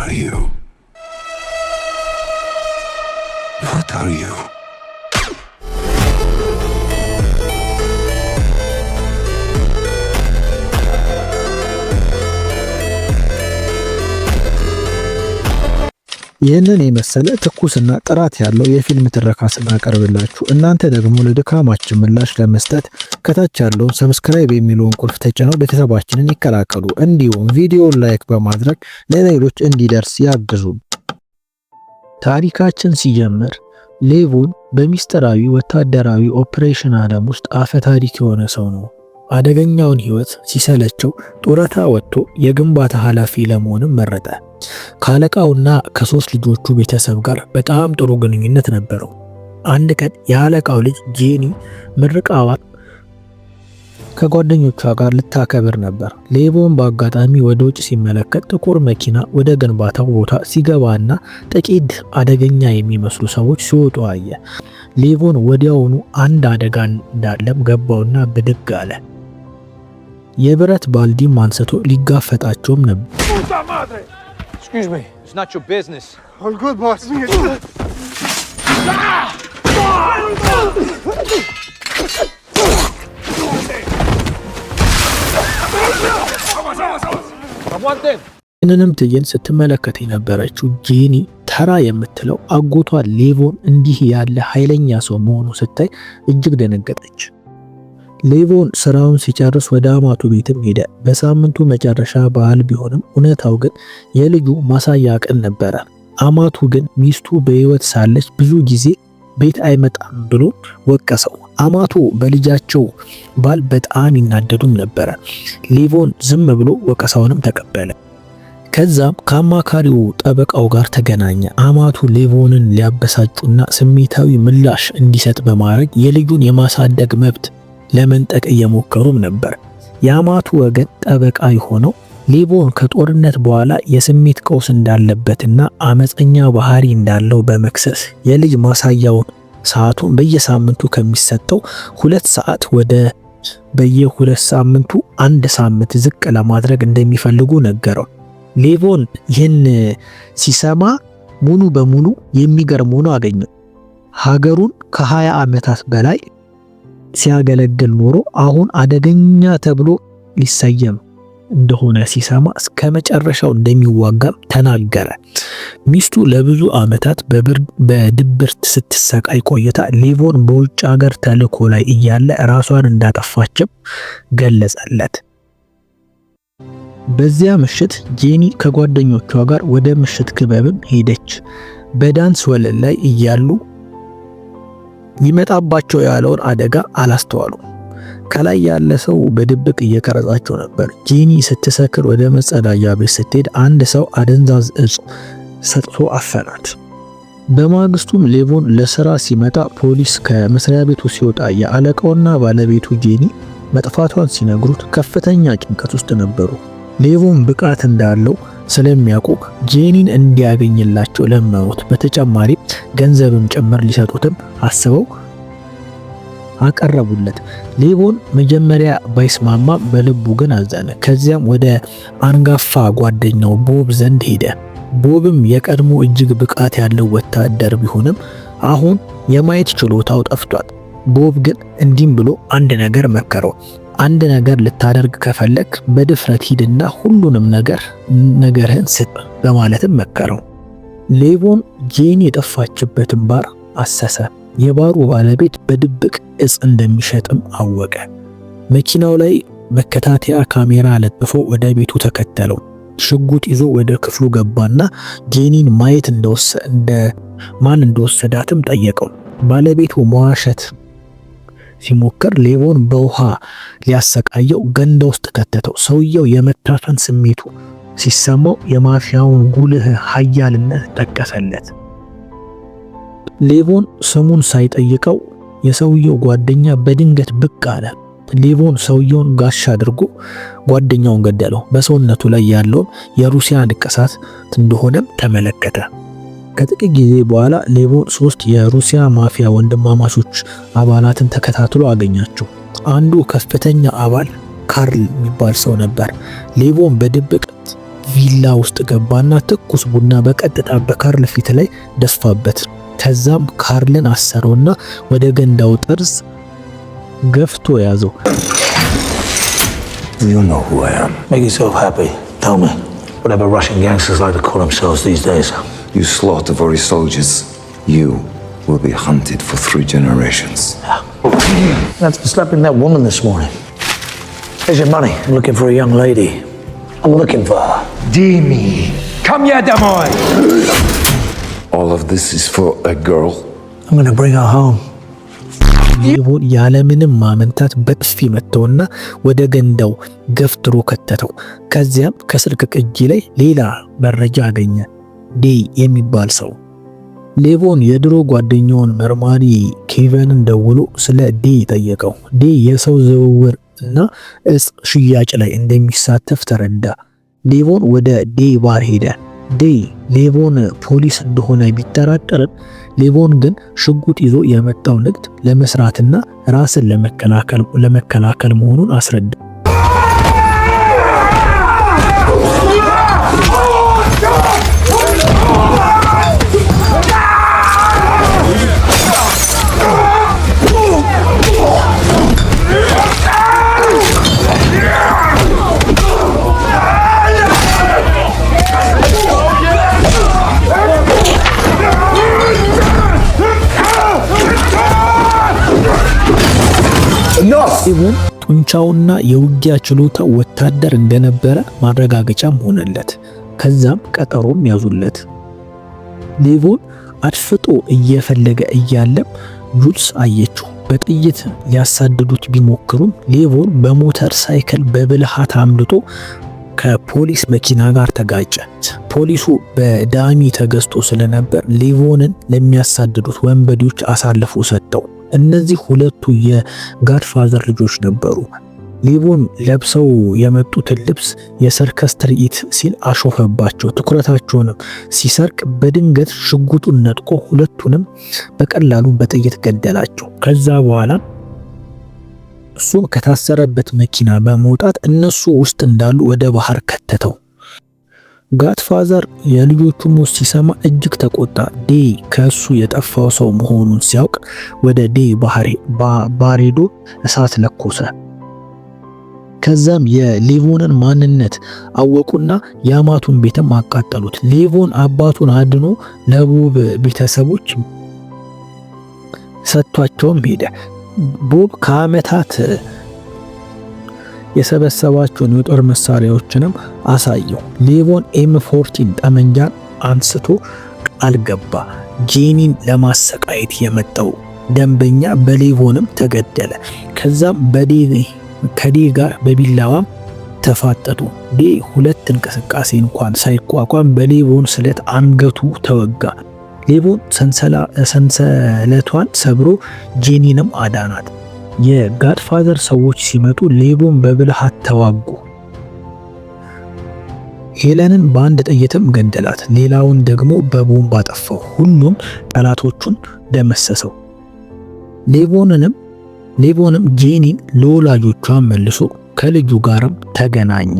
are you? ይህንን የመሰለ ትኩስና ጥራት ያለው የፊልም ትረካ ስናቀርብላችሁ እናንተ ደግሞ ለድካማችን ምላሽ ለመስጠት ከታች ያለውን ሰብስክራይብ የሚለውን ቁልፍ ተጭነው ቤተሰባችንን ይቀላቀሉ። እንዲሁም ቪዲዮን ላይክ በማድረግ ለሌሎች እንዲደርስ ያግዙ። ታሪካችን ሲጀምር ሌቮን በሚስጥራዊ ወታደራዊ ኦፕሬሽን ዓለም ውስጥ አፈ ታሪክ የሆነ ሰው ነው። አደገኛውን ሕይወት ሲሰለቸው ጡረታ ወጥቶ የግንባታ ኃላፊ ለመሆንም መረጠ። ከአለቃውና ከሶስት ልጆቹ ቤተሰብ ጋር በጣም ጥሩ ግንኙነት ነበረው። አንድ ቀን የአለቃው ልጅ ጄኒ ምርቃዋን ከጓደኞቿ ጋር ልታከብር ነበር። ሌቦን በአጋጣሚ ወደ ውጭ ሲመለከት ጥቁር መኪና ወደ ግንባታው ቦታ ሲገባና ጥቂት አደገኛ የሚመስሉ ሰዎች ሲወጡ አየ። ሌቦን ወዲያውኑ አንድ አደጋ እንዳለም ገባውና ብድግ አለ። የብረት ባልዲም አንስቶ ሊጋፈጣቸውም ነበር። ይህንንም ትዕይንት ስትመለከት የነበረችው ጄኒ ተራ የምትለው አጎቷ ሌቮን እንዲህ ያለ ኃይለኛ ሰው መሆኑ ስታይ እጅግ ደነገጠች። ሌቮን ስራውን ሲጨርስ ወደ አማቱ ቤትም ሄደ። በሳምንቱ መጨረሻ በዓል ቢሆንም እውነታው ግን የልጁ ማሳያ ቀን ነበረ። አማቱ ግን ሚስቱ በህይወት ሳለች ብዙ ጊዜ ቤት አይመጣም ብሎ ወቀሰው። አማቱ በልጃቸው ባል በጣም ይናደዱም ነበረ። ሌቮን ዝም ብሎ ወቀሳውንም ተቀበለ። ከዛም ከአማካሪው ጠበቃው ጋር ተገናኘ። አማቱ ሌቮንን ሊያበሳጩና ስሜታዊ ምላሽ እንዲሰጥ በማድረግ የልጁን የማሳደግ መብት ለመንጠቅ እየሞከሩም ነበር። የአማቱ ወገን ጠበቃ የሆነው ሊቦን ከጦርነት በኋላ የስሜት ቀውስ እንዳለበትና አመፀኛ ባህሪ እንዳለው በመክሰስ የልጅ ማሳያውን ሰዓቱን በየሳምንቱ ከሚሰጠው ሁለት ሰዓት ወደ በየሁለት ሳምንቱ አንድ ሳምንት ዝቅ ለማድረግ እንደሚፈልጉ ነገረው። ሌቮን ይህን ሲሰማ ሙሉ በሙሉ የሚገርም ሆኖ አገኘ። ሀገሩን ከ20 ዓመታት በላይ ሲያገለግል ኖሮ አሁን አደገኛ ተብሎ ሊሰየም እንደሆነ ሲሰማ እስከ መጨረሻው እንደሚዋጋም ተናገረ። ሚስቱ ለብዙ ዓመታት በድብርት ስትሰቃይ ቆይታ ሊቮን በውጭ ሀገር ተልእኮ ላይ እያለ ራሷን እንዳጠፋችም ገለጸለት። በዚያ ምሽት ጄኒ ከጓደኞቿ ጋር ወደ ምሽት ክበብም ሄደች። በዳንስ ወለል ላይ እያሉ ይመጣባቸው ያለውን አደጋ አላስተዋሉም። ከላይ ያለ ሰው በድብቅ እየቀረጻቸው ነበር። ጂኒ ስትሰክር ወደ መጸዳጃ ቤት ስትሄድ አንድ ሰው አደንዛዝ እጽ ሰጥቶ አፈናት። በማግስቱም ሌቮን ለስራ ሲመጣ ፖሊስ ከመስሪያ ቤቱ ሲወጣ የአለቃውና ባለቤቱ ጄኒ መጥፋቷን ሲነግሩት ከፍተኛ ጭንቀት ውስጥ ነበሩ። ሌቮን ብቃት እንዳለው ስለሚያውቁ ጄኒን እንዲያገኝላቸው ለመኑት። በተጨማሪ ገንዘብም ጭምር ሊሰጡትም አስበው አቀረቡለት። ሌቦን መጀመሪያ ባይስማማም በልቡ ግን አዘነ። ከዚያም ወደ አንጋፋ ጓደኛው ቦብ ዘንድ ሄደ። ቦብም የቀድሞ እጅግ ብቃት ያለው ወታደር ቢሆንም አሁን የማየት ችሎታው ጠፍቷል። ቦብ ግን እንዲህም ብሎ አንድ ነገር መከረው። አንድ ነገር ልታደርግ ከፈለግ በድፍረት ሂድና ሁሉንም ነገር ነገርህን ስጥ በማለትም መከረው። ሌቦን ጄን የጠፋችበትን ባር አሰሰ። የባሩ ባለቤት በድብቅ እጽ እንደሚሸጥም አወቀ። መኪናው ላይ መከታተያ ካሜራ ለጥፎ ወደ ቤቱ ተከተለው። ሽጉጥ ይዞ ወደ ክፍሉ ገባና ጄኒን ማየት እንደ ማን እንደወሰዳትም ጠየቀው። ባለቤቱ መዋሸት ሲሞክር ሌቦን በውሃ ሊያሰቃየው ገንዳ ውስጥ ከተተው። ሰውየው የመታፈን ስሜቱ ሲሰማው የማፊያውን ጉልህ ኃያልነት ጠቀሰለት። ሌቦን ስሙን ሳይጠይቀው የሰውየው ጓደኛ በድንገት ብቅ አለ። ሌቦን ሰውየውን ጋሻ አድርጎ ጓደኛውን ገደለው። በሰውነቱ ላይ ያለውን የሩሲያ ንቅሳት እንደሆነም ተመለከተ። ከጥቂት ጊዜ በኋላ ሌቮን ሶስት የሩሲያ ማፊያ ወንድማማቾች አባላትን ተከታትሎ አገኛቸው። አንዱ ከፍተኛ አባል ካርል የሚባል ሰው ነበር። ሌቦን በድብቅ ቪላ ውስጥ ገባና ትኩስ ቡና በቀጥታ በካርል ፊት ላይ ደስፋበት። ከዛም ካርልን አሰረውና ወደ ገንዳው ጠርዝ ገፍቶ ያዘው። you you slaughter for his soldiers, you will be hunted for three generations. That's for slapping that woman this morning. Here's your money. I'm looking for a young lady. I'm looking for her. Demi, come here, demoy. All of this is for a girl? I'm gonna bring her home. ይሁን ያለምንም ማመንታት በጥፊ መጥተውና ወደ ገንዳው ገፍትሮ ከተተው። ከዚያም ከስልክ ቅጂ ላይ ሌላ መረጃ አገኘ። ዴይ የሚባል ሰው ሌቮን የድሮ ጓደኛውን መርማሪ ኬቨንን ደውሎ ስለ ዴይ ጠየቀው። ዴይ የሰው ዝውውር እና እጽ ሽያጭ ላይ እንደሚሳተፍ ተረዳ። ሌቮን ወደ ዴይ ባር ሄደ። ዴይ ሌቮን ፖሊስ እንደሆነ ቢጠራጠርም ሌቮን ግን ሽጉጥ ይዞ የመጣው ንግድ ለመስራትና ራስን ለመከላከል መሆኑን አስረዳ። ጡንቻውና የውጊያ ችሎታው ወታደር እንደነበረ ማረጋገጫም ሆነለት። ከዛም ቀጠሮም ያዙለት። ሌቮን አድፍጦ እየፈለገ እያለም ጁልስ አየችው። በጥይት ሊያሳድዱት ቢሞክሩም ሌቮን በሞተር ሳይክል በብልሃት አምልጦ ከፖሊስ መኪና ጋር ተጋጨ። ፖሊሱ በዳሚ ተገዝቶ ስለነበር ሌቮንን ለሚያሳድዱት ወንበዴዎች አሳልፎ ሰጠው። እነዚህ ሁለቱ የጋድፋዘር ልጆች ነበሩ። ሊቡን ለብሰው የመጡትን ልብስ የሰርከስ ትርኢት ሲል አሾፈባቸው። ትኩረታቸውንም ሲሰርቅ በድንገት ሽጉጡን ነጥቆ ሁለቱንም በቀላሉ በጥይት ገደላቸው። ከዛ በኋላ እሱም ከታሰረበት መኪና በመውጣት እነሱ ውስጥ እንዳሉ ወደ ባህር ከተተው። ጋትፋዘር የልጆቹ ሞት ሲሰማ እጅግ ተቆጣ። ዴይ ከእሱ የጠፋው ሰው መሆኑን ሲያውቅ ወደ ዴይ ባሬዶ እሳት ለኮሰ። ከዛም የሌቮንን ማንነት አወቁና የአማቱን ቤትም አቃጠሉት። ሌቮን አባቱን አድኖ ለቦብ ቤተሰቦች ሰጥቷቸውም ሄደ። ቦብ ከአመታት የሰበሰባቸውን የጦር መሳሪያዎችንም አሳየው። ሌቮን ኤም 14 ጠመንጃን አንስቶ ቃል ገባ። ጄኒን ለማሰቃየት የመጣው ደንበኛ በሌቮንም ተገደለ። ከዛም ከዴ ጋር በቢላዋም ተፋጠጡ። ዴ ሁለት እንቅስቃሴ እንኳን ሳይቋቋም በሌቦን ስለት አንገቱ ተወጋ። ሌቦን ሰንሰለቷን ሰብሮ ጄኒንም አዳናት። የጋድፋዘር ሰዎች ሲመጡ ሌቦን በብልሃት ተዋጉ። ሄለንን በአንድ ጥይትም ገደላት፣ ሌላውን ደግሞ በቦምብ አጠፋው። ሁሉም ጠላቶቹን ደመሰሰው። ሌቦንንም ሌቦንም ጄኒን ለወላጆቿ መልሶ ከልጁ ጋርም ተገናኘ።